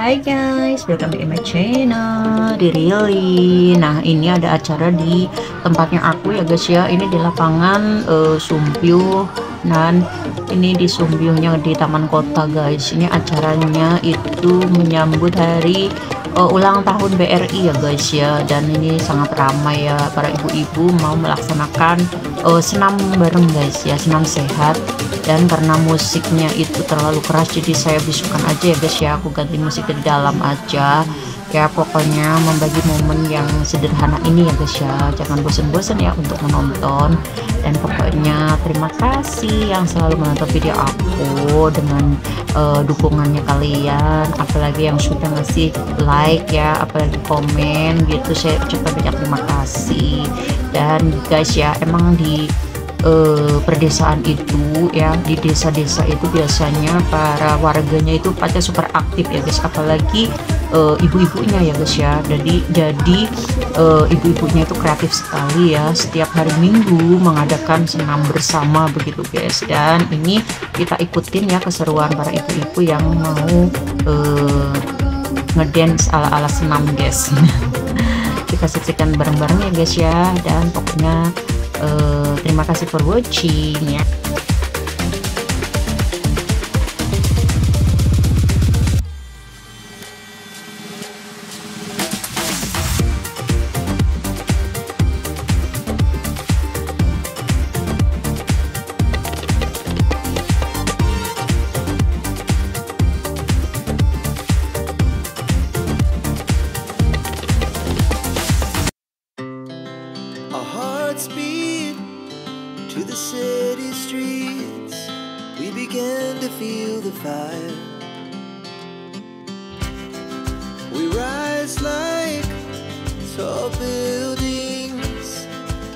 Hai guys, welcome back to my channel di Rili. Nah, ini ada acara di tempatnya aku ya guys ya. Ini di lapangan uh, eh, Sumpyuh. Dan ini di Sumpyuhnya di Taman Kota guys. Ini acaranya itu menyambut hari uh, ulang tahun BRI ya guys ya dan ini sangat ramai ya para ibu-ibu mau melaksanakan uh, senam bareng guys ya senam sehat dan karena musiknya itu terlalu keras jadi saya bisukan aja ya guys ya aku ganti musik ke dalam aja ya pokoknya membagi momen yang sederhana ini ya guys ya jangan bosen-bosen ya untuk menonton dan pokoknya terima kasih yang selalu menonton video aku dengan uh, dukungannya kalian apalagi yang sudah ngasih like ya apalagi komen gitu saya ucapkan banyak terima kasih dan guys ya emang di uh, perdesaan itu ya di desa-desa itu biasanya para warganya itu pada super aktif ya guys apalagi uh, ibu-ibunya ya guys ya jadi jadi uh, ibu-ibunya itu kreatif sekali ya setiap hari minggu mengadakan senam bersama begitu guys dan ini kita ikutin ya keseruan para ibu-ibu yang mau uh, ngedance ala-ala senam guys kita saksikan bareng-bareng ya guys ya dan pokoknya uh, terima kasih for watching ya Speed to the city streets. We began to feel the fire. We rise like tall buildings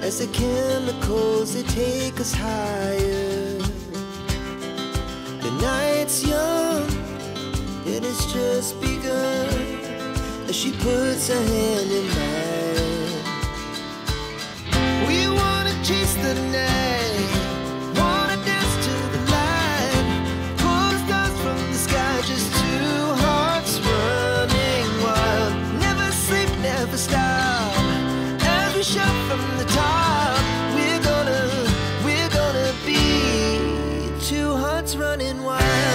as the chemicals they take us higher. The night's young and it's just begun as she puts her hand in never stop. Every shot from the top, we're gonna, we're gonna be two hearts running wild.